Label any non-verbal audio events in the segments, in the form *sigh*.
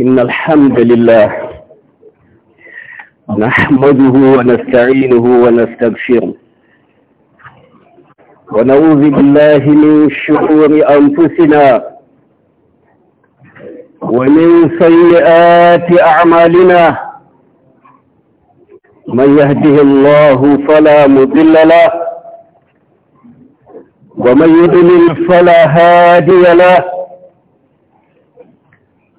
إن الحمد لله نحمده ونستعينه ونستغفره ونعوذ بالله من شرور أنفسنا ومن سيئات أعمالنا من يهده الله فلا مضل له ومن يضلل فلا هادي له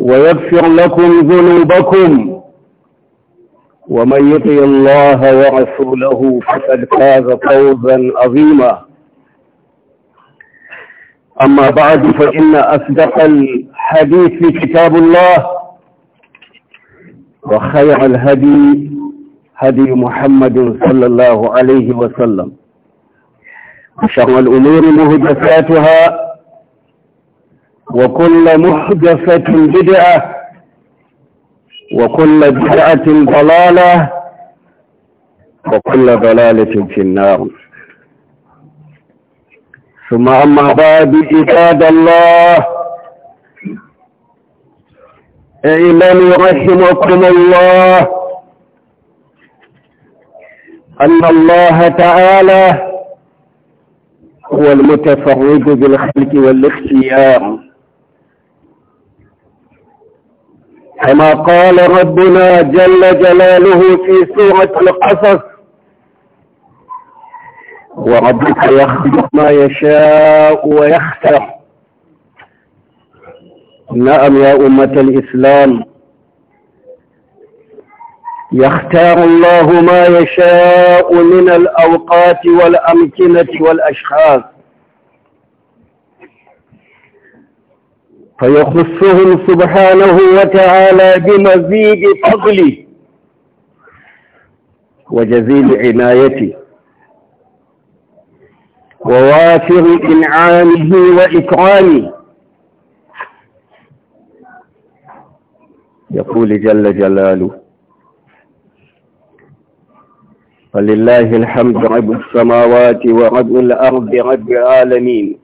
ويغفر لكم ذنوبكم ومن يطع الله ورسوله فقد فاز فوزا عظيما أما بعد فإن أصدق الحديث كتاب الله وخير الهدي هدي محمد صلى الله عليه وسلم وشر الأمور مهدساتها وكل محدثة بدعة وكل بدعة ضلالة وكل ضلالة في النار ثم أما بعد عباد الله إيمان رحمكم الله أن الله تعالى هو المتفرد بالخلق والاختيار كما قال ربنا جل جلاله في سورة القصص وربك يخلق ما يشاء ويختار نعم يا أمة الإسلام يختار الله ما يشاء من الأوقات والأمكنة والأشخاص فيخصهم سبحانه وتعالى بمزيد فضله وجزيل عنايته ووافر إنعامه وإكرامه يقول جل جلاله فلله الحمد رب السماوات ورب الأرض رب العالمين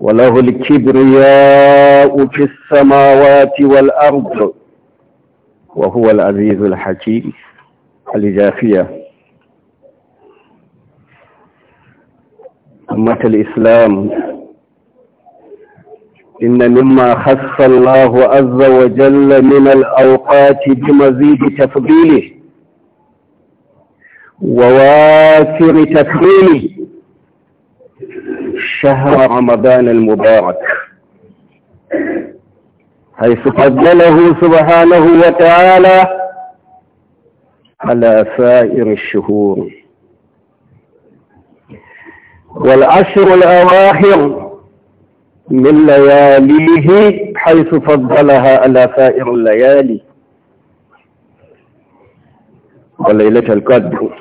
وله الكبرياء في السماوات والأرض وهو العزيز الحكيم الجافية أمة الإسلام إن مما خص الله عز وجل من الأوقات بمزيد تفضيله وواسر تفضيله شهر رمضان المبارك حيث فضله سبحانه وتعالى على سائر الشهور والعشر الأواخر من لياليه حيث فضلها على سائر الليالي وليلة القدر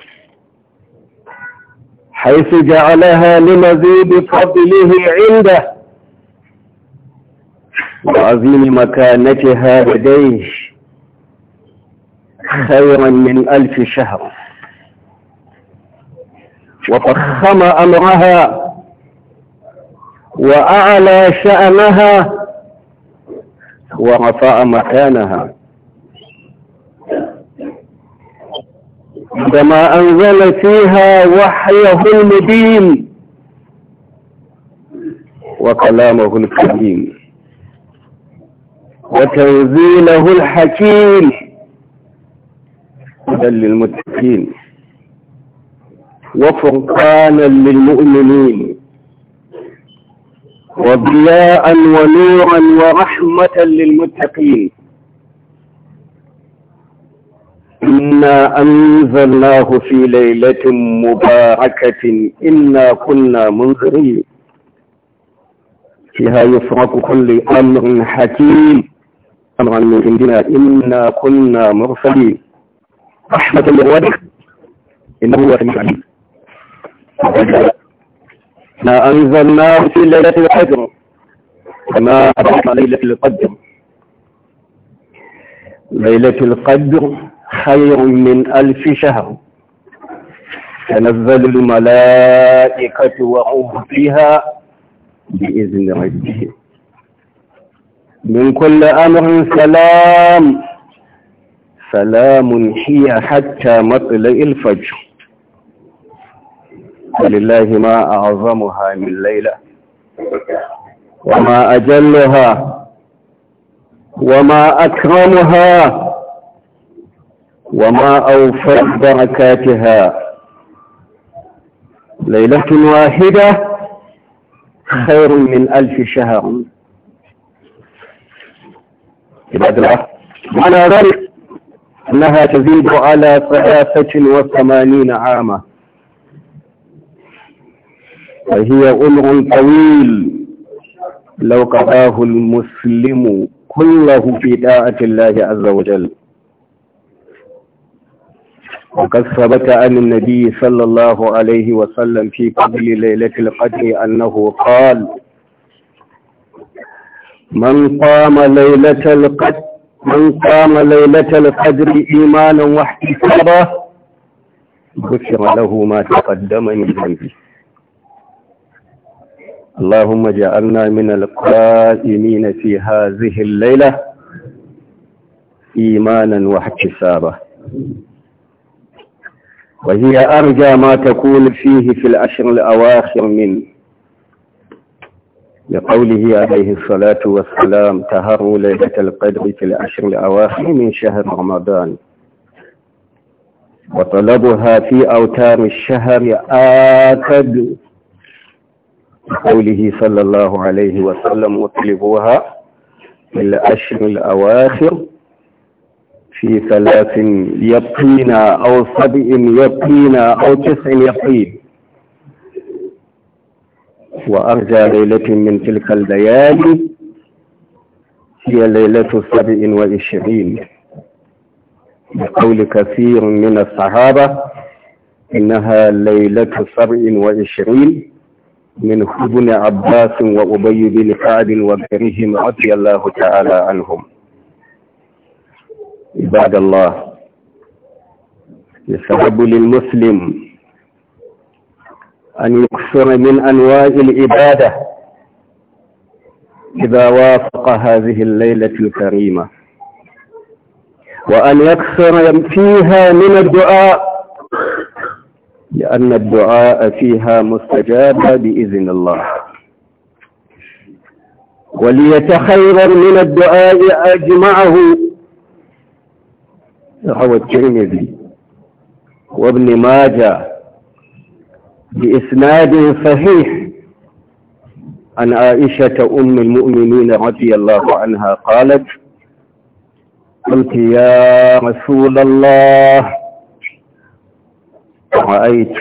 حيث جعلها لمزيد فضله عنده وعظيم مكانتها لديه خيرا من ألف شهر وفخم أمرها وأعلى شأنها ورفع مكانها عندما أنزل فيها وحيه المبين وكلامه الكريم وتنزيله الحكيم هدى للمتقين وفرقانا للمؤمنين وضياء ونورا ورحمة للمتقين إنا أنزلناه في ليلة مباركة إنا كنا منذرين فيها يفرق كل أمر حكيم أمرا من عندنا إنا كنا مرسلين رحمة لعبادك إنه هو سميع ما أنزلناه في ليلة القدر كما أبرحنا ليلة القدر ليلة القدر خير من ألف شهر تنزل الملائكة وروح فيها بإذن ربه من كل أمر سلام سلام هي حتى مطلع الفجر ولله ما أعظمها من ليلة وما أجلها وما أكرمها وما أوفر بركاتها ليلة واحدة خير من ألف شهر عباد الله معنى ذلك أنها تزيد على ثلاثة وثمانين عاما وهي عمر طويل لو قضاه المسلم كله في طاعة الله عز وجل وقد ثبت عن النبي صلى الله عليه وسلم في قبل ليلة القدر أنه قال من قام ليلة القدر من قام ليلة القدر إيمانا واحتسابا غفر له ما تقدم من ذنبه اللهم اجعلنا من القائمين في هذه الليلة إيمانا واحتسابا وهي أرجى ما تكون فيه في الأشر الأواخر من لقوله عليه الصلاة والسلام تهروا ليلة القدر في الأشر الأواخر من شهر رمضان وطلبها في أوتار الشهر آكد لقوله صلى الله عليه وسلم اطلبوها في الأشر الأواخر في ثلاث يقينا أو سبع يقينا أو تسع يقين وأرجى ليلة من تلك الليالي هي ليلة سبع وعشرين بقول كثير من الصحابة إنها ليلة سبع وعشرين من ابن عباس وأبي بن كعب وغيرهم رضي الله تعالى عنهم عباد الله يستحب للمسلم أن يكثر من أنواع العبادة إذا وافق هذه الليلة الكريمة وأن يكثر فيها من الدعاء لأن الدعاء فيها مستجاب بإذن الله وليتخير من الدعاء أجمعه روى الترمذي وابن ماجه بإسناد صحيح عن عائشة أم المؤمنين رضي الله عنها قالت قلت يا رسول الله رأيت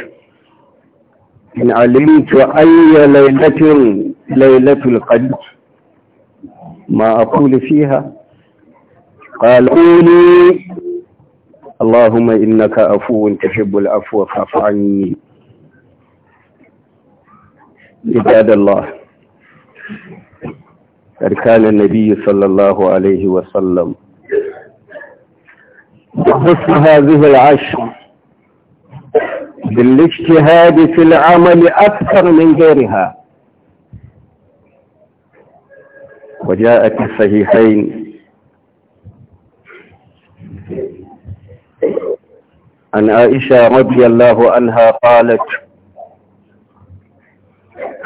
إن علمت أي ليلة ليلة القدر ما أقول فيها قال قولي اللهم إنك عفو تحب العفو فاعف عني عباد الله أركان النبي صلى الله عليه وسلم يخص هذه العشر بالاجتهاد في العمل أكثر من غيرها وجاء في الصحيحين عن عائشة رضي الله عنها قالت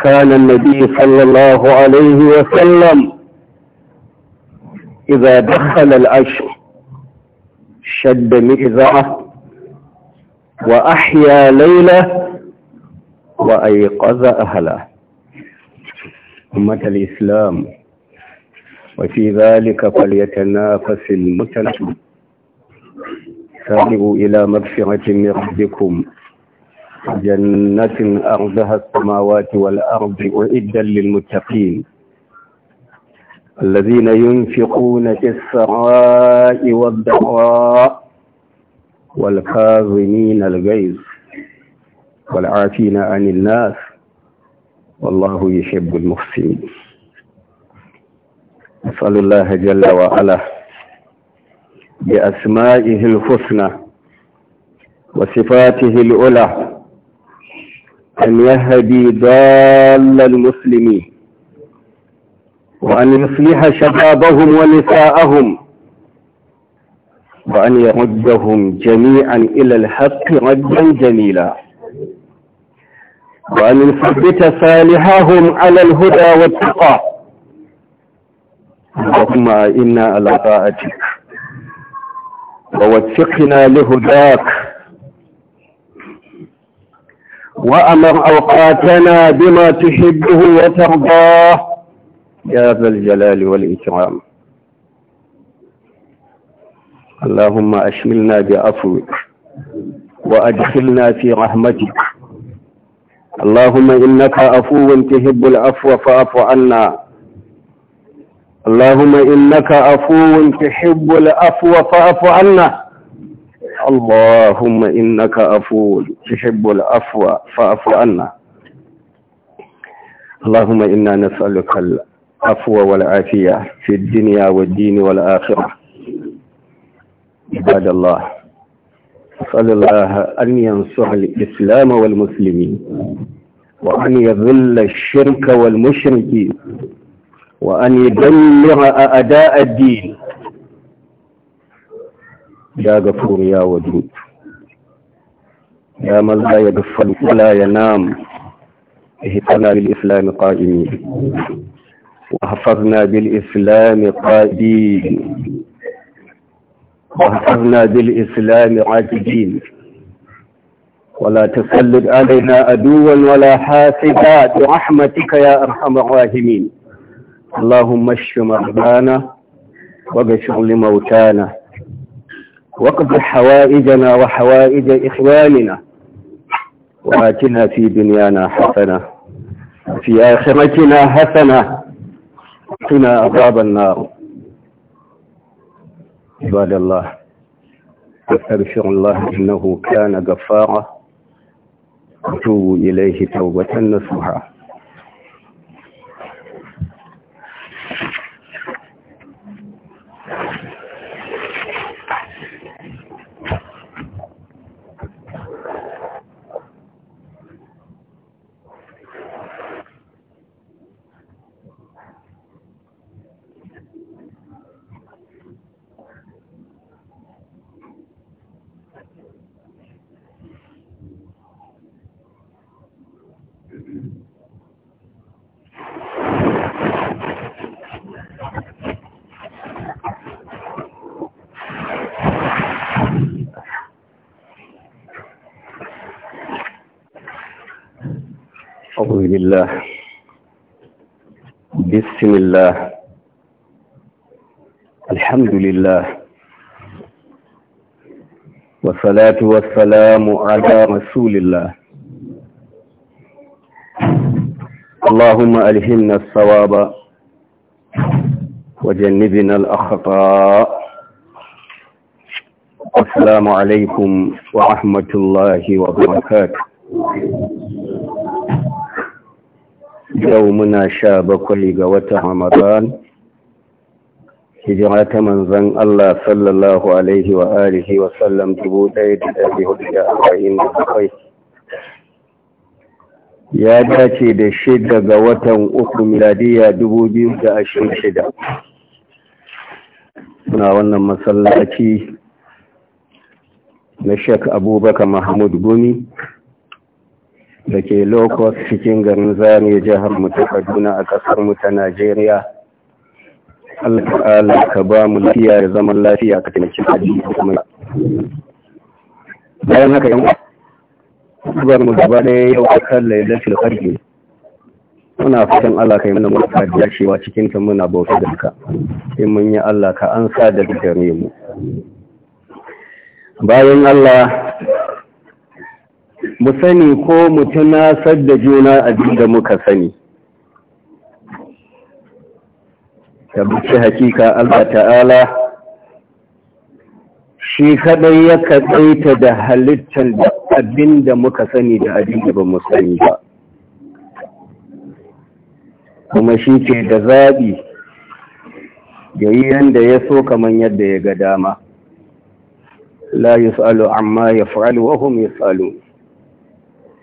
كان النبي صلى الله عليه وسلم إذا دخل العشر شد مئزره وأحيا ليلة وأيقظ أهله أمة الإسلام وفي ذلك فليتنافس المتنافسون سارعوا إلى مغفرة من ربكم جنة أرضها السماوات والأرض أعدا للمتقين الذين ينفقون في السراء والضراء والكاظمين الغيظ والعافين عن الناس والله يحب المحسنين نسأل الله جل وعلا بأسمائه الحسنى وصفاته العلى أن يهدي ضال المسلمين وأن يصلح شبابهم ونساءهم وأن يردهم جميعا إلى الحق ردا جميلا وأن يثبت صالحهم على الهدى والتقى اللهم إنا على طاعتك ووفقنا لهداك وأمر أوقاتنا بما تحبه وترضاه يا ذا الجلال والإكرام اللهم أشملنا بعفوك وأدخلنا في رحمتك اللهم إنك عفو تحب العفو فاعف عنا اللهم إنك عفو تحب العفو فاعف عنا اللهم إنك عفو تحب العفو فاعف عنا اللهم إنا نسألك العفو والعافية في الدنيا والدين والآخرة عباد الله أسأل الله أن ينصر الإسلام والمسلمين وأن يذل الشرك والمشركين وأن يدمر أداء الدين يا غفور يا ودود يا من لا يغفل ولا ينام اهتنا بالإسلام قائمين وحفظنا بالإسلام قائدين وحفظنا بالإسلام عاجدين ولا تسلط علينا عدوا ولا حاسدا برحمتك يا أرحم الراحمين اللهم اشف مرضانا واغفر لموتانا واقض حوائجنا وحوائج إخواننا وآتنا في دنيانا حسنة وفي آخرتنا حسنة قنا عذاب النار عباد الله استغفر الله إنه كان غفارا وتوبوا إليه توبة نصوحا الله بسم الله الحمد لله والصلاة والسلام على رسول الله اللهم ألهمنا الصواب وجنبنا الأخطاء السلام عليكم ورحمة الله وبركاته yau muna sha bakwai ga watan Ramadan hijira ta manzan Allah sallallahu alaihi wa alihi wa sallam dubu ɗaya da ɗari hudu da arba'in da bakwai ya dace da shida ga watan uku miladiya dubu biyu da ashirin shida suna wannan masallaci na shek abubakar mahmud gumi da ke lokos cikin garin zane jihar mu ta kaduna a kasar mu ta najeriya Allah ka ba mu lafiya da zaman lafiya ka taimaki addini kuma bayan haka yan zubar mu gaba ɗaya yau a kan lailatul qadr muna fatan Allah yi mana murfa da cewa cikin ta muna bauta da ka in mun yi Allah ka ansa da gare mu bayan Allah mu sani ko mu tunasar da juna abin da muka sani tabbaci hakika Allah ta'ala shi kadai ya katsaita da halittar da abin da muka sani da abin da ba mu sani ba kuma shi ke da zaɓi ya yi yadda ya so kamar yadda ya ga dama la yus'alu amma ya fa'alu wa hum yus'alun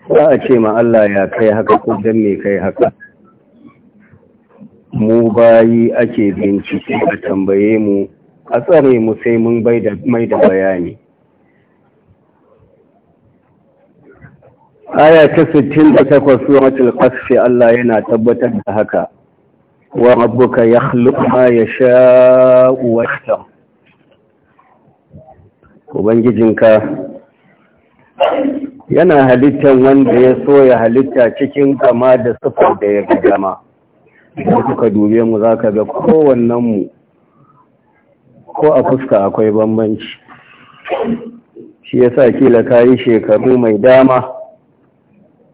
za a ce ma Allah ya kai haka ko dan me kai haka mu bayi ake bincike a tambaye mu a tsare mu sai mun mai da bayani aya ta 68 suratul qasfi Allah yana tabbatar da haka wa rabbuka yakhluqu ma yasha'u wa yakhtar ubangijinka yana halittar wanda ya so ya halitta cikin kama da siffar da ya gama da kuka dube mu za ka ga kowannenmu ko a fuska akwai bambanci shi ya sa kila kayi shekaru mai dama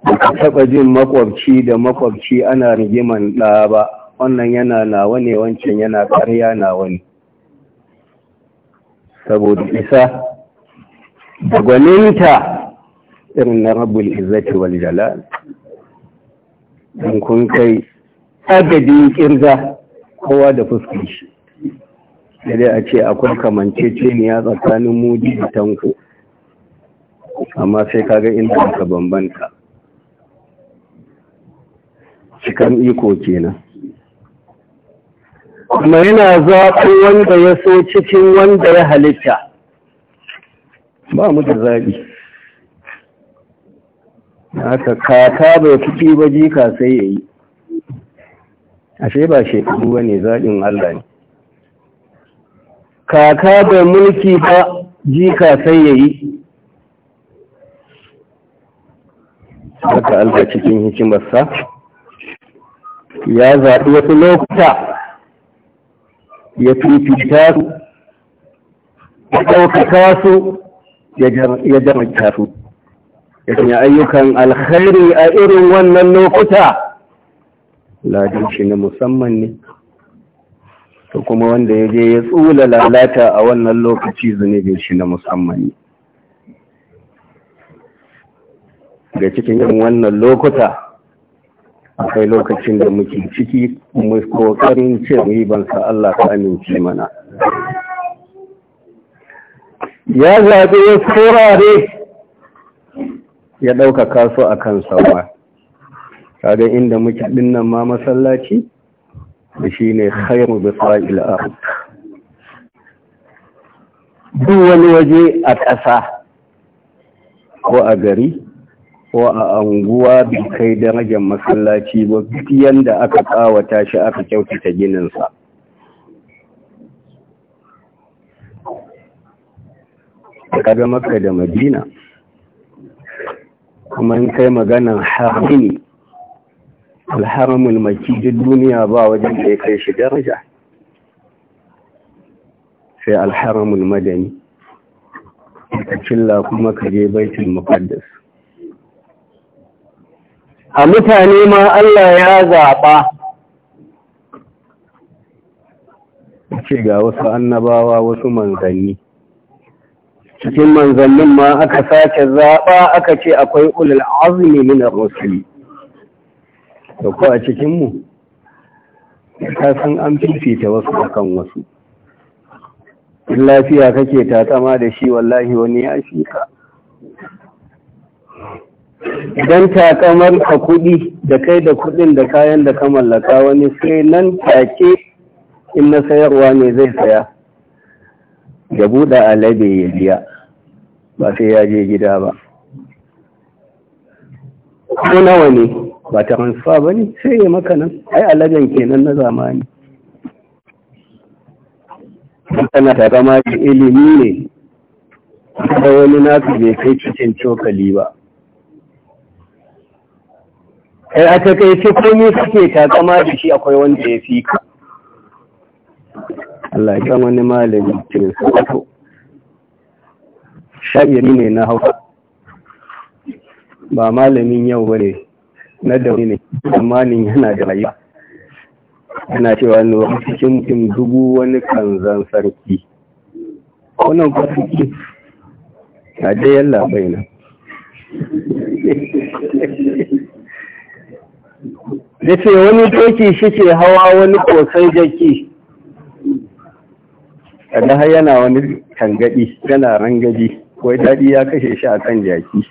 da ka taɓa jin makwabci da makwabci ana rigiman ɗa ba wannan yana nawa ne wancan yana ƙarya nawa ne saboda isa gwaninta irin na rabul izzati wal jalal in kun kai adadin kirza kowa da fuskar shi dai a ce akwai kamanceceniya tsakanin mu da tanko amma sai kaga inda aka bambanta cikan iko kenan kuma yana zaɓi wanda ya so cikin wanda ya halitta ba mu da zaɓi haka kaka bai fiti ba jika sai ya yi ashe ba shekaru ba ne zaɗin Allah ne kaka bai mulki ba jika sai ya yi haka Allah cikin hikimarsa ya zaɓi wasu lokuta ya fifita su ya ɗaukaka su ya jama'a su ya ayyukan alkhairi a irin wannan lokuta ladin shi na musamman ne to kuma wanda ya je ya tsula lalata a wannan lokaci zunubin shi na musamman ne ga cikin yin wannan lokuta akwai lokacin da muke ciki mu kokarin ce ribansa Allah ka amince mana ya zaɓi ya wurare ya ɗaukaka su a kan sauwa kaga inda muke dinnan ma masallaci da shi ne khairu bi tsa'il duk wani waje a ƙasa ko a gari ko a anguwa da kai darajar masallaci ba duk yadda aka kawata shi aka kyautata gininsa kaga maka da madina kuma in kai maganan ne, alharamul maki duk duniya ba wajen da ya kai shi daraja sai alharamul madani ka cilla kuma ka je baitul muqaddas a mutane ma Allah ya zaɓa ce ga wasu annabawa wasu manzanni cikin manzannin ma aka sake zaɓa aka ce akwai ulul azumi min ar-rusuli da ko a cikin mu ka san an fifita wasu akan wasu lafiya kake tatsama da shi wallahi wani ya shi ka idan ta kamar ka kuɗi da kai da kuɗin da kayan da ka mallaka wani sai nan take in na sayarwa ne zai saya ya buɗe alade ya biya ba sai ya je gida ba ko nawa ne ba transfer ba ne sai ya maka nan ai aladen kenan na zamani tana ta gama shi ilimi ne ta wani nasu bai kai cikin cokali ba ai a ta kai ce komai suke ta gama da shi akwai wanda ya fi ka Allah ya wani malami cikin sabato sha'iri ne na hausa ba malamin yau bane na dauni ne amma ni yana da rayuwa yana cewa ne cikin mutum dubu wani kanzan sarki wannan kwanaki a da, yalla baina nan *laughs* ce wani doki shi ce hawa wani kosai jaki kaga har yana wani tangadi yana rangadi wai daɗi ya kashe shi a kan jaki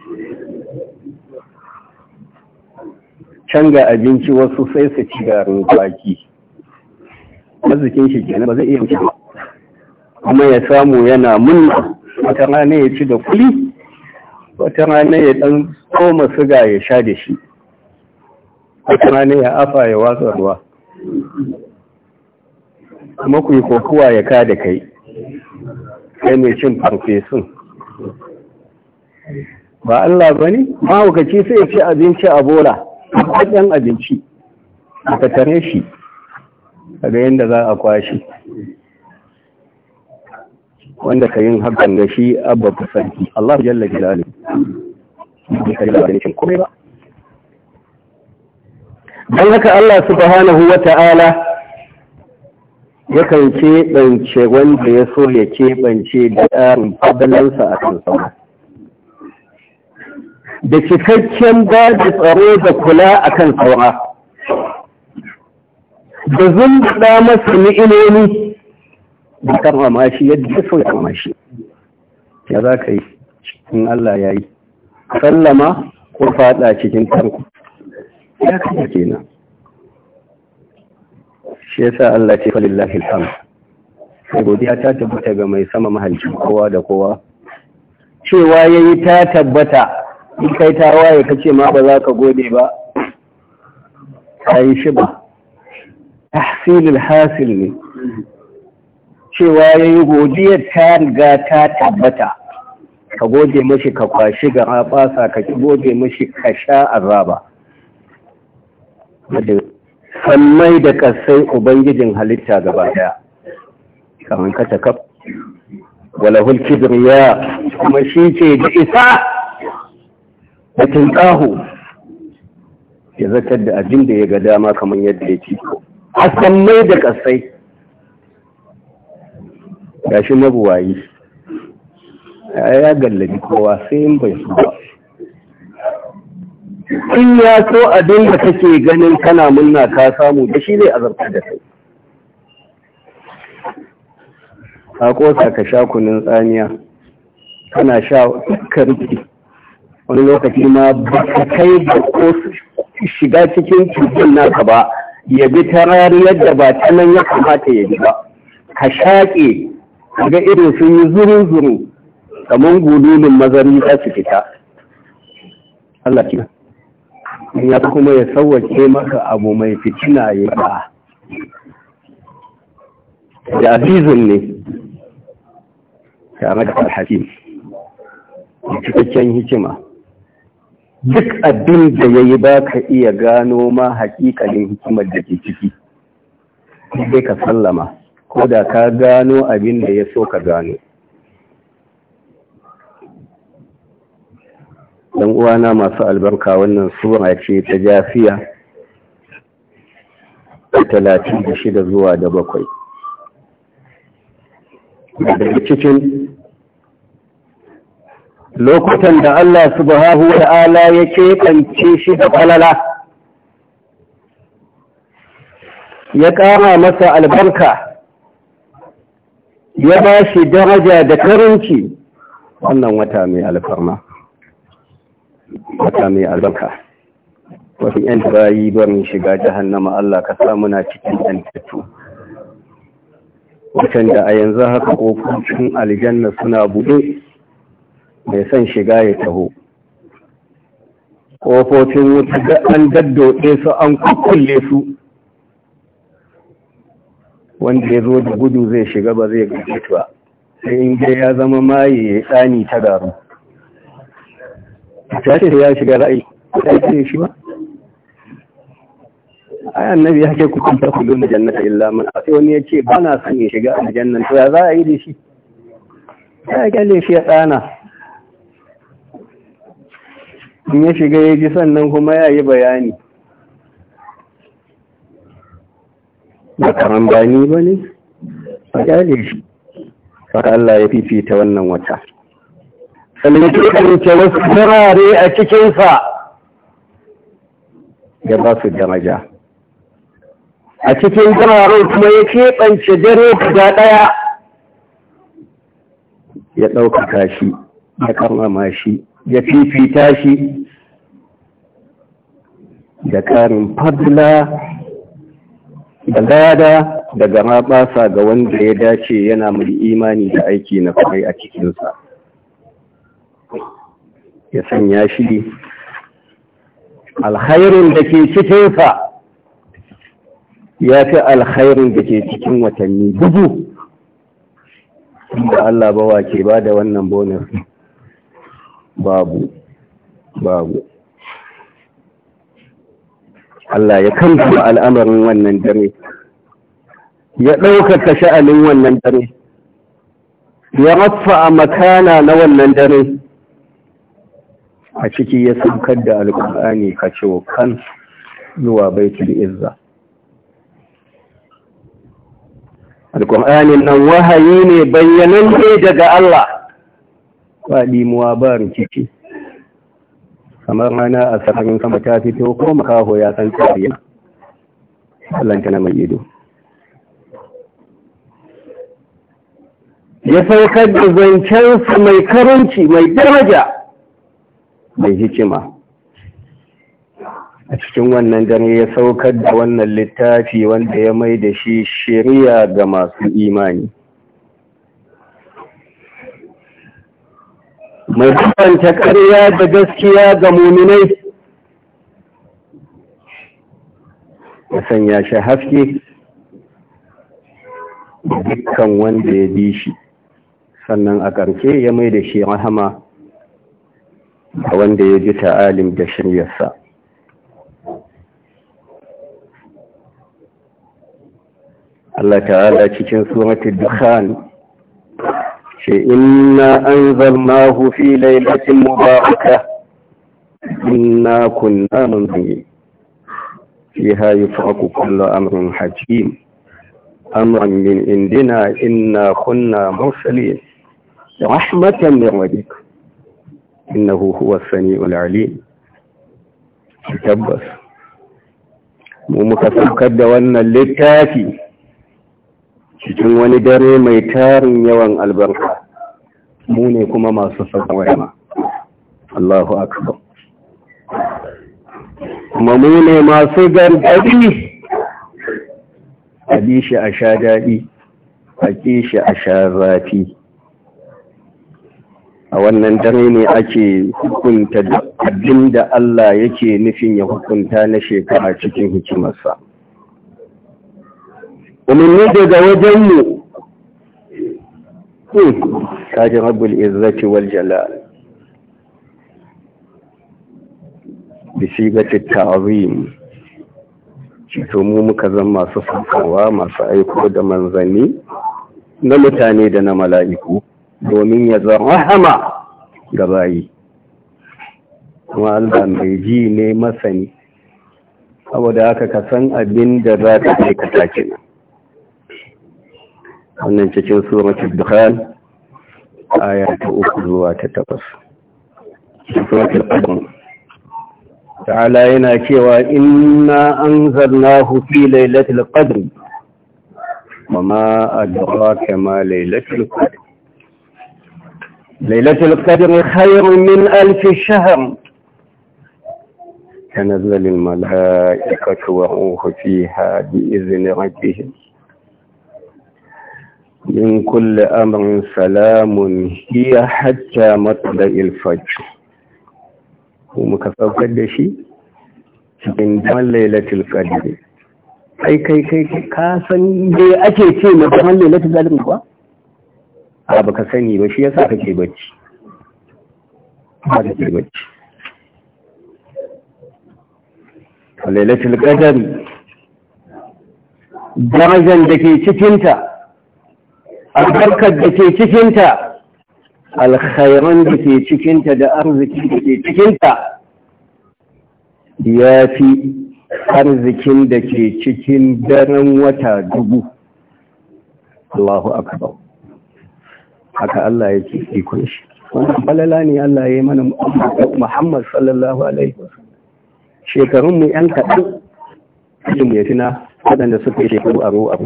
can abinci wasu sai su ci garin kwaki mazikin shi kenan ba zai iya mutu kuma ya samu yana munna wata rana ya ci da kuli wata rana ya dan koma siga ya sha da shi wata rana ya afa ya watsa ruwa kuma ku kokowa ya kada kai kai mai cin farfesun ba Allah ba ne mahaukaci sai ya ci abinci a bola a kwaɗin abinci a tare shi daga yadda za a kwashi wanda ka yin hakan da shi abba kusanki Allah jalla jilali don haka Allah subhanahu wa ta'ala yakan keɓance wanda ya so ya keɓance da ƙarin fadalansa a kan sama da cikakken ba tsaro da kula a kan saura da zumbuɗa masa ni'iloli da karmama shi yadda ya so ya shi ya za ka yi cikin Allah ya yi sallama ko faɗa cikin tarko ya kasa kenan shi yasa Allah ce falillahi alhamd sai godiya ta tabbata ga mai sama mahalci kowa da kowa cewa yayi ta tabbata in kai ta waye kace ma ba za ka gode ba kai shi ba tahsil alhasil ne cewa yayi godiya ta riga ta tabbata ka gode mashi ka kwashi ga fasa ka gode mashi ka sha azaba sannai da ƙasai ubangijin halitta gaba daya kamar kata kaf hulki duriya kuma shi ce da isa da tinkahu ya zartar da abin da ya ga dama kamar yadda ya ci a sannai da ƙasai gashi mabuwayi ya gallabi kowa sai in bai su ba in ya so abin da kake ganin kana murna ka samu da shi zai zarfi da kai ka kosa ka sha kunun tsaniya kana sha ka rike wani lokaci ma ba ka kai da ko shiga cikin cikin naka ba ya bi ta rariyar da ba ta nan ya kamata ya bi ba ka shaƙe ga irin sun yi zuru-zuru kamar gudunin mazari za su fita Allah ya kuma ya sauwace maka abu mai fitina ya ba da azizun ne tare da alhakim cikakken hikima duk abin da ya yi ba ka iya gano ma hakikalin hikimar da ke ciki sai ka sallama ko da ka gano abin da ya so ka gano dan uwana masu albarka wannan sura ce ta jafiya talatin da zuwa da bakwai daga cikin lokutan da Allah subhanahu wa ta'ala ya keɓance shi da falala ya ƙara masa albarka ya ba shi daraja da karanci wannan wata mai alfarma wata mai albarka wasu yan bayi barin shiga jahannama Allah ka sa muna cikin yan tattu wacan da a yanzu haka kofofin aljanna suna buɗe mai son shiga ya taho kofofin wuta da an daddoɗe su an kukkulle su wanda ya zo da gudu zai shiga ba zai gudu ba sai in ya zama maye ya tsani ta garu ta ce ya shiga ra'ayi ta ce shi ba ai annabi ya ce ku kun ta kullu na jannata illa man sai wani ya ce ba na son ya shiga aljannan to ya za a yi da shi ya kyale shi ya tsana in ya shiga ya ji sannan kuma ya yi bayani ba karambani ba ne ba kyale shi haka Allah ya fifita wannan wata sannan wasu turare a cikinsa ya ba su daraja a cikin turaren kuma ya keɓance dare guda ɗaya ya ɗaukaka shi ya karnama shi ya fifita shi da ƙarin fadla da lada daga raɓasa ga wanda ya dace yana mai imani da aiki na kwarai a cikinsa ya sanya shi alkhairin da ke cikinsa ya fi alkhairin da ke cikin watanni dubu da Allah bawa ke ba da wannan bonus babu babu Allah ya kanta al'amarin wannan dare ya ɗaukaka sha'anin wannan dare ya matfa a makana na wannan dare a ciki ya saukar da alƙur'ani ka ce wa kan zuwa baitul izza alƙur'ani nan wahayi ne bayyanan ne daga Allah ba ɗimuwa ba rikici kamar mana a sararin sama ta fito ko makaho ya san tsariya allanta na mai ido ya saukar da zancensa mai karanci mai daraja mai hikima a cikin wannan dare ya saukar da wannan littafi wanda ya mai da shi shari'a ga masu imani mai kwanta ƙarya da gaskiya ga muminai ya sanya shi haske dukkan wanda ya bi shi sannan a ƙarshe ya mai da shi rahama a wanda ya ji ta'alim da shiryarsa Allah ta'ala cikin suratul dukhan ce inna anzalnahu fi lailatin mubarakah inna kunna munzirin فيها يفرق كل أمر حكيم أمرا من عندنا إنا كنا مرسلين رحمة من ربك innahu huwa sami'ul alim tabbas mu muka saukar da wannan littafi cikin wani dare mai tarin yawan albarka mu ne kuma masu sauƙaƙa Allahu akbar kuma mu ne masu gargaɗi a bi shi a sha daɗi a ƙi shi a sha zafi a wannan dare ne ake hukunta abin da Allah yake nufin ya hukunta na shekara cikin hikimarsa. Umarni daga wajenmu, hmm, kajin rabul izzati wal jalal. bisigati ta'zim to mu muka zan masu fakawa masu aiko da manzanni na mutane da na mala'iku domin ya zama hama, ga bayi kuma Allah mai ji ne masani saboda haka ka san abin da za ka aikata kina wannan cikin suratul dukhan aya ta uku zuwa ta takwas suratul qadr ta'ala yana cewa inna anzalnahu fi lailatul qadr wama adraka ma lailatul qadr ليلة القدر خير من ألف شهر تنزل الملائكة وروح فيها بإذن ربهم من كل أمر سلام هي حتى مطلع الفجر هم كفاو cikin من lailatul qadr kai كي كي كي san me ake ce na daman a baka sani ba shi yasa kake bacci ba kake bacci lailatul qadari darajar da ke cikinta albarkar da ke cikinta alkhairan da ke cikinta da arziki da ke cikinta ya fi arzikin da ke cikin daren wata dubu Allahu akbar haka Allah ya ce ikon shi wannan falala ne Allah ya yi mana Muhammad sallallahu alaihi wasallam shekarun mu yan kaɗan cikin ya tuna waɗanda suka yi shekaru ruwa abu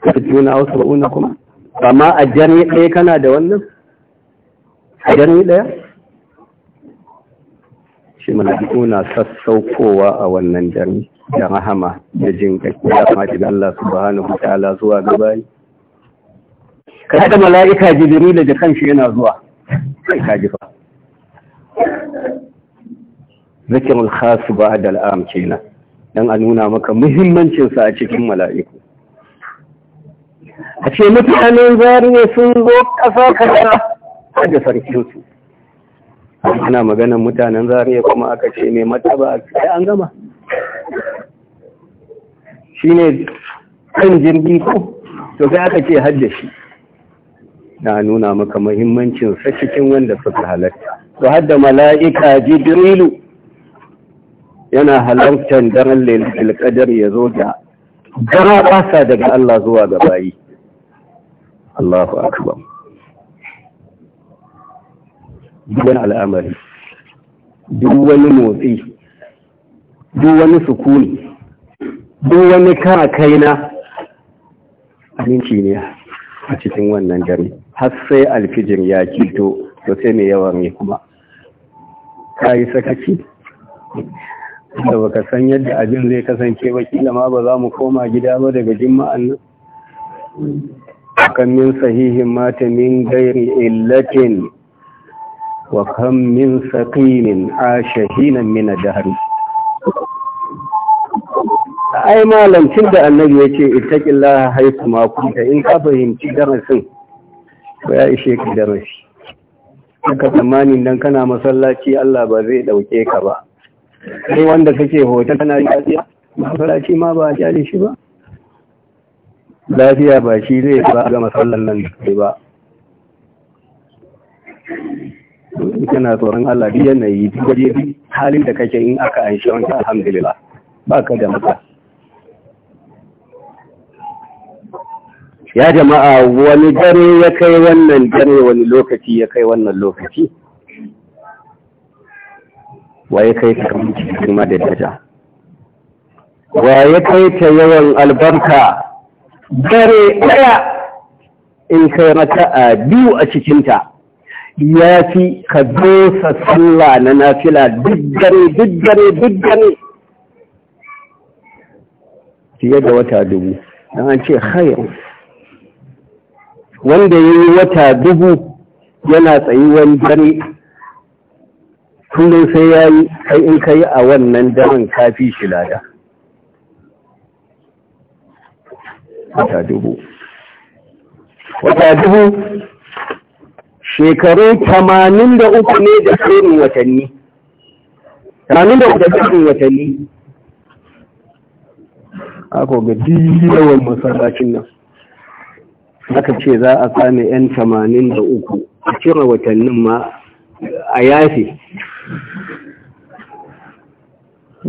suka tuna wasu ba'una kuma ba ma a jani ɗaya kana da wannan a jani ɗaya shi mana na sassaukowa a wannan jani da rahama da jin kai ya kamata da Allah subhanahu wa ta'ala zuwa gabani ka haɗa mala'ika jibril da kanshi yana zuwa sai ka ji fa zikirul ba da al'am kenan don a nuna maka muhimmancinsa a cikin mala'iku a ce mutanen zariya sun zo ƙasa kasa da sarkinsu ana maganan mutanen zariya kuma aka ce mata mataba sai an gama shi ne kan jirgin ku, to sai aka ce haddashi. shi na nuna maka muhimmancin sa cikin wanda suka halatta to hadda mala'ika jibrilu yana halartar daren lailatul qadar zo da gara basa daga Allah zuwa ga bayi Allahu akbar duk al'amari duk wani motsi duk wani sukuni duk wani kara kaina aminci ne a cikin wannan dare har sai alfijir ya kito to sai mai yawan yi kuma ka yi sakaci da baka san yadda abin zai kasance ba kila ma ba za mu koma gida ba daga jima'an nan kan min sahihin mata min gairi illatin wa kan min saqimin ashahinan min ad-dahr ai malam tun da annabi yace ittaqillaha haythu ma kunta in ka fahimci darasin ko ya ishe ka rashi. haka tsammanin dan kana masallaci Allah ba zai dauke ka ba sai wanda kake hoton kana lafiya masallaci ma ba ya shi ba lafiya ba shi zai ba ga masallan nan ba in kana tsoron Allah duk yanayi duk waje halin da kake in aka an shi alhamdulillah ka da matsala ya jama'a wani dare ya kai wannan dare wani lokaci ya kai wannan lokaci wa ya kai ta kuma da daja wa ya kai ta yawan albarka dare daya in kai mata a biyu a cikinta ya fi ka dosa sallah na nafila duk dare duk dare duk dare fiye da wata dubu don an ce hayan. wanda ya yi wata dubu yana tsayuwan dare kullum sai ya yi kai in kai a wannan daren kafi shi lada wata dubu wata dubu shekaru tamanin da uku ne da tsarin watanni tamanin da uku da tsarin watanni ako ga yawan masallacin nan aka ce za a sami 'yan tamanin da uku a cire watannin ma a yafe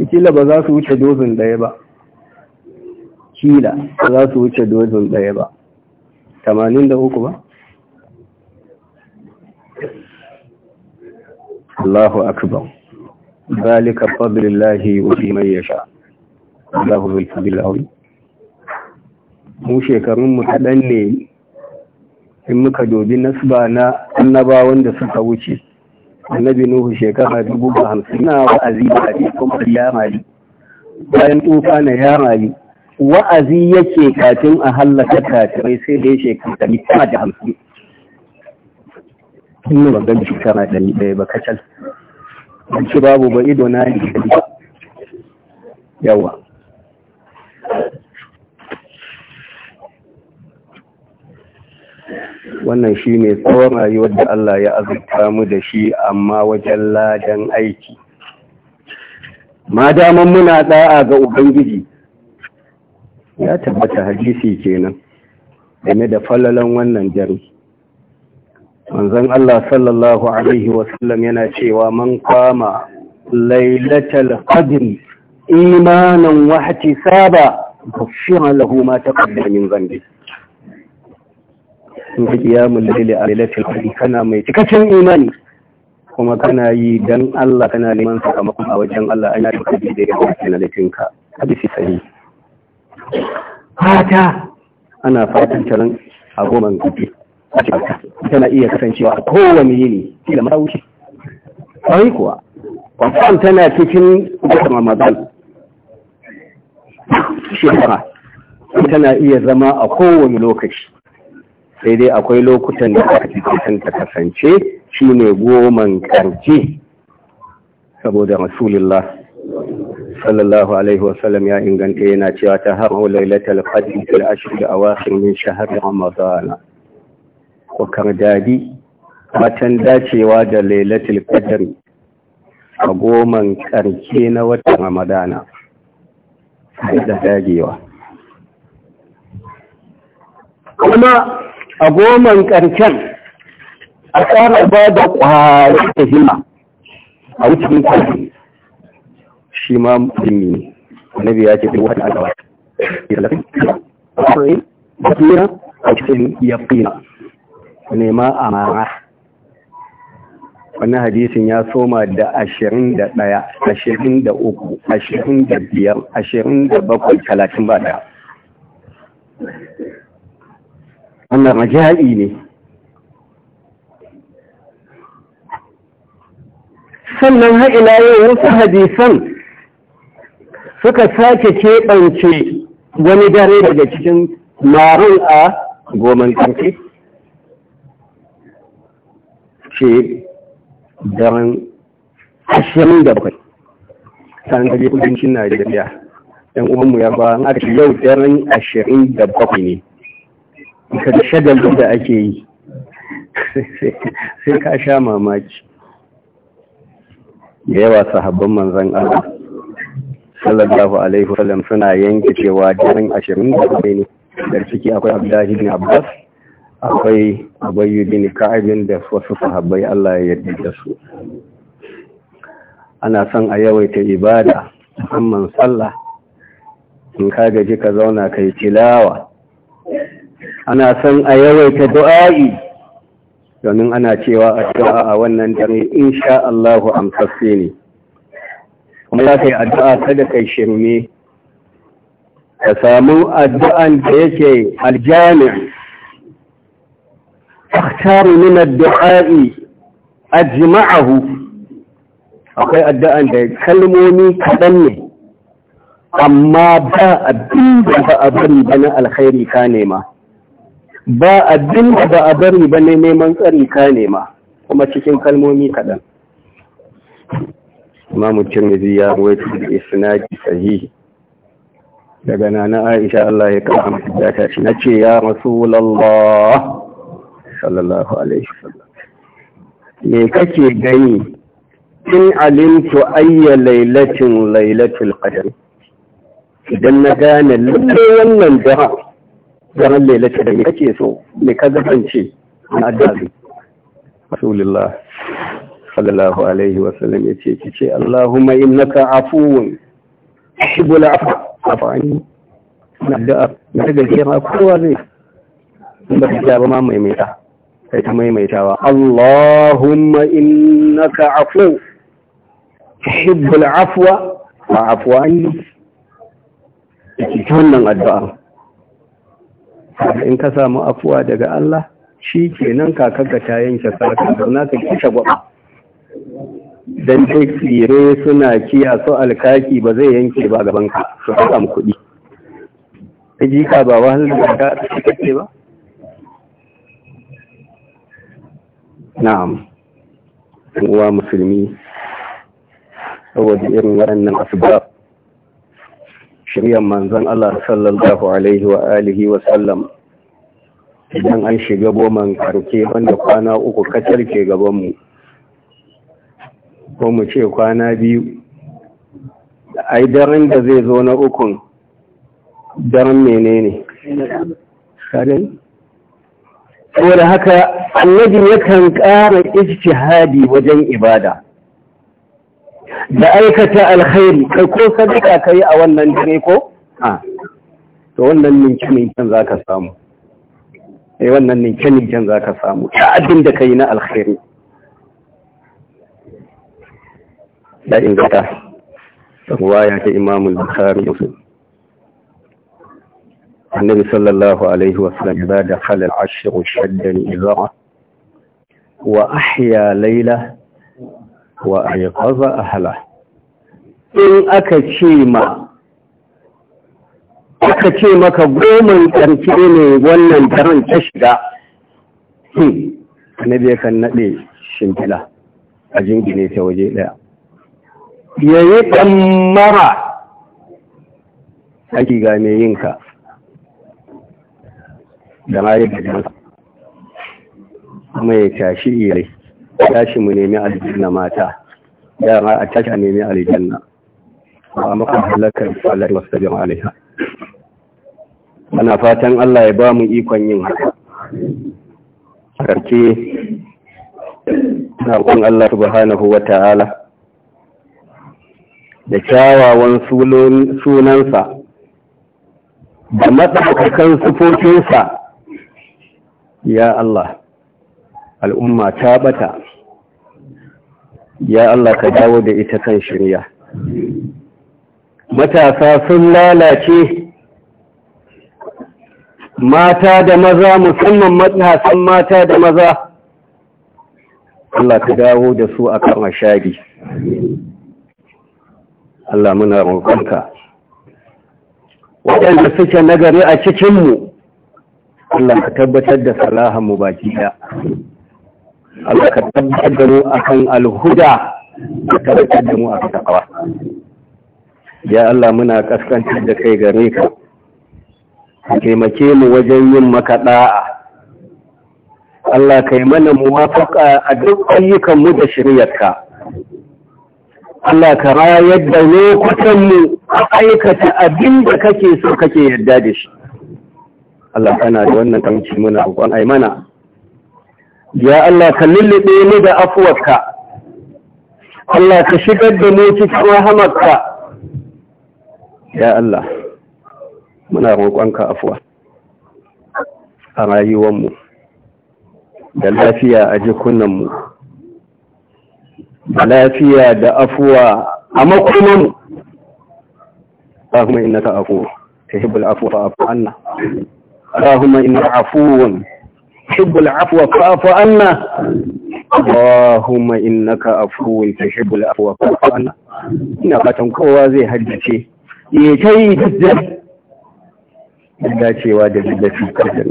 kila ba za su wuce dozin ɗaya ba kila ba za su wuce dozin ɗaya ba tamanin da uku ba Allahu akbar zalika fadlillahi wa fi man yasha Allahu bil fadli mu shekarun mu kadan ne in muka dobi nasba na annabawan da suka wuce annabi nuhu shekara dubu da hamsin na wa'azi da abi kuma ya mali bayan tufa na ya mali wa'azi yake kafin a hallaka kafirai sai dai shekara shekara tara da hamsin ina ban ga shekara ɗari ɗaya ba kacal ban ci babu ba ido na yi yawa wannan shi ne tsawon rayuwar da Allah ya azurta mu da shi amma wajen ladan aiki ma daman muna da'a ga ubangiji ya tabbata hadisi kenan game da falalan wannan jari manzon Allah sallallahu alaihi wasallam yana cewa man kama lailatul qadr imanan wa ihtisaba kafira lahu ma taqaddama min zambi in ka kiyamun laili a lailatul qadr kana mai cikakken imani kuma kana yi don Allah kana neman sakamakon a wajen Allah an yi kaji da yawa kana da a bisi sahi fata ana fatan taron a goma gobe tana iya kasancewa a kowane yini kila ma wuce kuwa kwamfan tana cikin watan Ramadan shekara tana iya zama a kowane lokaci sai dai akwai lokutan da aka cikin ta kasance shi ne goman karce saboda rasulullah sallallahu alaihi wasallam ya inganta yana cewa ta haro lailatul qadr fil ashr al awakhir min shahr ramadan ko dadi matan dacewa da lailatul qadr a goman karke na watan ramadana sai da dagewa kuma a goman ƙarshen a ƙara ba da ƙwari da hima a wucin kwanci shi ma mutum ne wani ya ce duk wata alawa basira a cikin ma nema mara wani hadisin ya soma da ashirin da ɗaya ashirin da uku ashirin da biyar ashirin da bakwai talatin ba ɗaya wannan raja'i ne sannan ha'ila yau wasu hadisan suka sake keɓance wani dare daga cikin marun a goman ƙarfi ce daren ashirin da bakwai sa'an da kudancin najeriya ɗan uwanmu ya ba an aka yau daren ashirin da bakwai ne ka shagalin da ake yi sai ka sha mamaki da yawa sahabban manzan Allah sallallahu alaihi wasallam suna yanke cewa jirin ashirin da kuma ne da ciki akwai Abdullahi bin Abbas akwai Abayyu bin ka'abin da wasu sahabbai Allah ya yarda da su ana son a yawaita ibada musamman sallah in ka gaji ka zauna kai tilawa ana son a yawaita du'a'i domin ana cewa addu'a a wannan dare insha Allahu amsassi ne kuma za ka yi addu'a kada kai shirme ka samu addu'an da yake aljami takhtaru min ad-du'a'i ajma'ahu akwai addu'an da kalmomi kaɗan ne amma ba abin da ba a bari ba na alkhairi ka nema ba a da ba a bari ba ne neman tsari ka nema kuma cikin kalmomi kaɗan imamu tirmidhi ya rawaito da isnadi sahihi daga nana aisha Allah ya kara mata da ta ce nace ya rasulullah sallallahu alaihi wasallam me kake gani in alimtu ayya lailatin lailatul qadr idan na gane lalle wannan dara zaman lailace da me kake so mai ka zance na addabi rasulullah sallallahu alaihi wasallam ya ce ki ce allahumma innaka afuwun ashibul afa afani na da na da gaske ma kowa zai ba ta ba ma maimaita sai ta maimaitawa allahumma innaka afu shibul afwa fa afwani ki wannan addu'a in ka samu afuwa daga Allah shi ke nan kakarka ta yanke sarka zauna ka kishe gwaba don dai tsire suna kiya su alkaki ba zai yanke ba gaban ka su haka mu kuɗi ta jika ba wahal da ka kake ba na'am uwa musulmi saboda irin waɗannan asibar shiryan manzan Allah sallallahu alaihi wa alihi wa sallam idan an shiga goma karke wanda kwana uku kacal ke gabanmu ko mu ce kwana biyu ai daren da zai zo na ukun daren menene ne saboda haka annabi yakan ƙara ijtihadi wajen ibada da aikata alkhairi kai ko sadaka kai a wannan dare ko a to wannan ninke ninken zaka samu eh wannan ninke ninken zaka samu ta addin da kai na alkhairi da ingata ya ta imamu al-Bukhari Muslim alaihi wa الله عليه khala al-ashr shaddan idha Wa ahya ليلة wa a yi a hala in aka ce ma aka ce maka goman ƙarfi ne wannan taron ta shiga hmm, annabi ya kan naɗe shimfiɗa a jingine ta waje ɗaya ya yi ɗammara ake gane yinka da ma yi jansa ya tashi iri. tashi mu nemi aljanna mata ma a tashi a nemi aljanna wa maka halakar falai wasu bin alaiha ana fatan Allah ya ba mu ikon yin haka karke kun Allah subhanahu wa ta'ala da kyawawan sunansa da matsaukakan sufofinsa ya Allah al'umma ta bata ya Allah ka dawo da ita kan shirya matasa sun lalace mata da maza musamman matasan mata da maza Allah ka dawo da su a kan shari Allah muna roƙonka waɗanda suke nagari a cikinmu Allah ka tabbatar da salahanmu baki ya. Allah ka tabbatar da mu akan alhuda ka tabbatar da mu akan takawa ya Allah muna kaskantar da kai gare ka ka taimake mu wajen yin maka da'a Allah ka yi mana muwafaka a duk ayyukan mu da shiryarka Allah ka rayar da mu a aikata abin da kake so kake yarda da shi Allah kana da wannan tamci muna roƙon ai mana ya Allah ka lullube ni da afuwarka Allah ka shigar da mu cikin rahamarka ya Allah muna roƙonka afuwa a rayuwarmu da lafiya a jikunanmu da lafiya da afuwa a makonanmu Allahumma innaka afuwa afuwa afwa fa'fu anna Allahumma innaka afuwun تحب العفو فاعف عنا اللهم انك عفو تحب العفو فاعف عنا ina fatan kowa zai haddace ya kai dukkan dacewa da dukkan kadan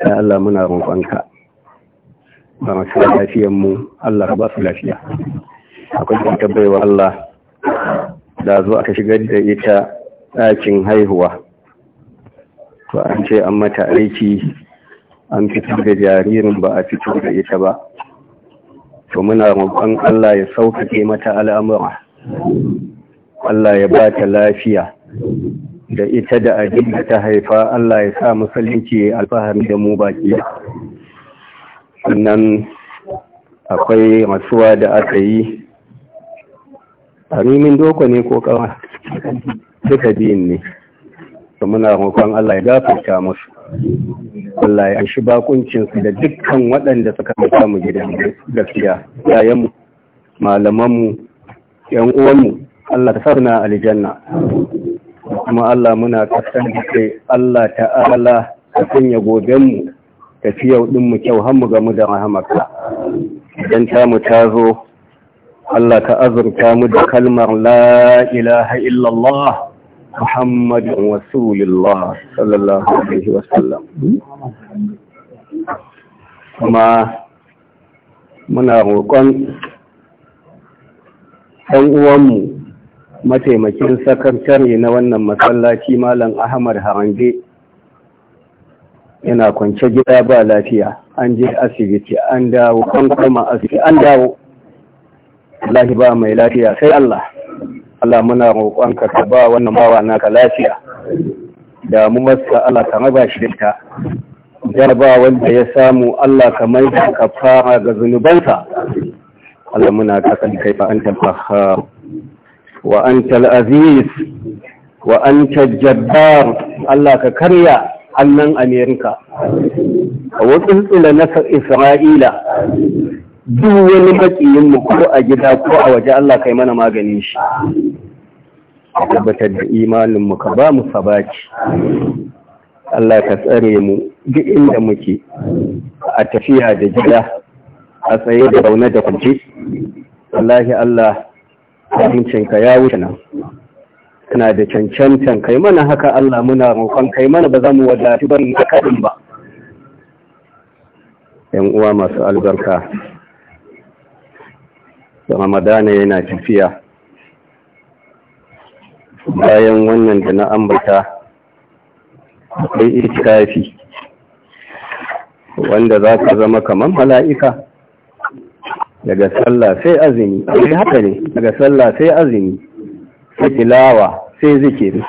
ya Allah muna roƙonka ba masu lafiyar mu Allah ba su lafiya akwai da tabbaiwa Allah da zo aka shigar da ita ɗakin haihuwa to an ce an mata aiki an fitar da jaririn ba a fitar da ita ba to muna roƙon Allah ya sauƙaƙe mata al'amura Allah ya ba ta lafiya da ita da abin da ta haifa Allah ya sa musulunci alfahari da mu baki sannan akwai rasuwa da aka yi a rimin doko ne ko kawai duka biyun ne To muna roƙon Allah ya gafarta musu Allah ya shi bakuncinsu da dukkan waɗanda suka mutu mu gidan gaskiya yayanmu malamanmu yan uwanmu Allah ta sarna aljanna kuma Allah muna kasan da kai Allah ta'ala ta sanya gobenmu tafiyau mu kyau har mu gamu da rahamaka idan ta mu ta zo Allah ka azurta mu da kalmar la ilaha illallah محمد رسول الله صلى الله عليه وسلم kuma muna roƙon ɗan uwanmu mataimakin sakantare na wannan masallaci malam ahmad harange yana kwance gida ba lafiya an je asibiti an dawo kan kuma asibiti an dawo lahi ba mai lafiya sai allah Allah muna ka ba wannan bawa naka lafiya da mu masa Allah ka raba shi da jaraba wanda ya samu Allah ka mai ka fara ga zunubansa Allah muna kasan kai fa anta wa anta al-aziz wa anta jabbar Allah ka karya annan Amerika ka wutsulula na Isra'ila duk wani makiyin mu ko a gida ko a waje Allah kai mana maganin shi a tabbatar da imanin mu ka ba mu sabaki Allah ka tsare mu duk inda muke a tafiya da gida a tsaye da raune da kwanci wallahi Allah ka ya wuce nan kana da cancantan kai mana haka Allah muna roƙon kai mana ba za mu wadatu bari ba ‘yan uwa masu albarka ramadana yana tafiya bayan wannan da na ambata akwai itikafi wanda za ka zama kamar mala'ika daga sallah sai azumi sai eh, haka ne daga sallah sai azumi sai tilawa sai zikiri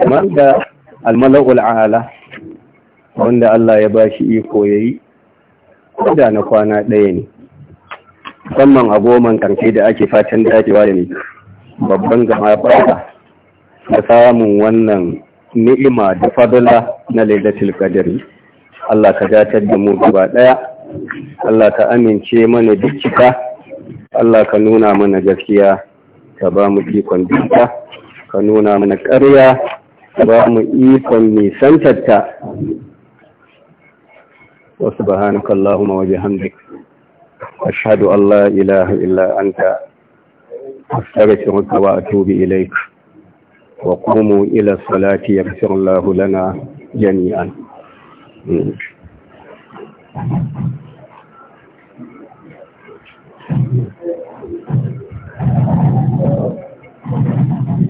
kamar da almalakul ala wanda Allah ya ba shi iko yayi ko da na kwana ɗaya ne musamman a goma karshe da ake fatan dacewa da ni babban gama fata da samun wannan ni'ima da fadala na lailatul qadri Allah ka datar da mu gaba daya Allah ka amince mana dukkika Allah ka nuna mana gaskiya ka ba mu ikon dukka, ka nuna mana ƙarya ka ba mu ikon nisantarta wasu bahanakallahumma wa bihamdika أشهد أن لا إله إلا أنت أستغفرك وأتوب إليك وقوموا إلى الصلاة يغفر الله لنا جميعا Thank you.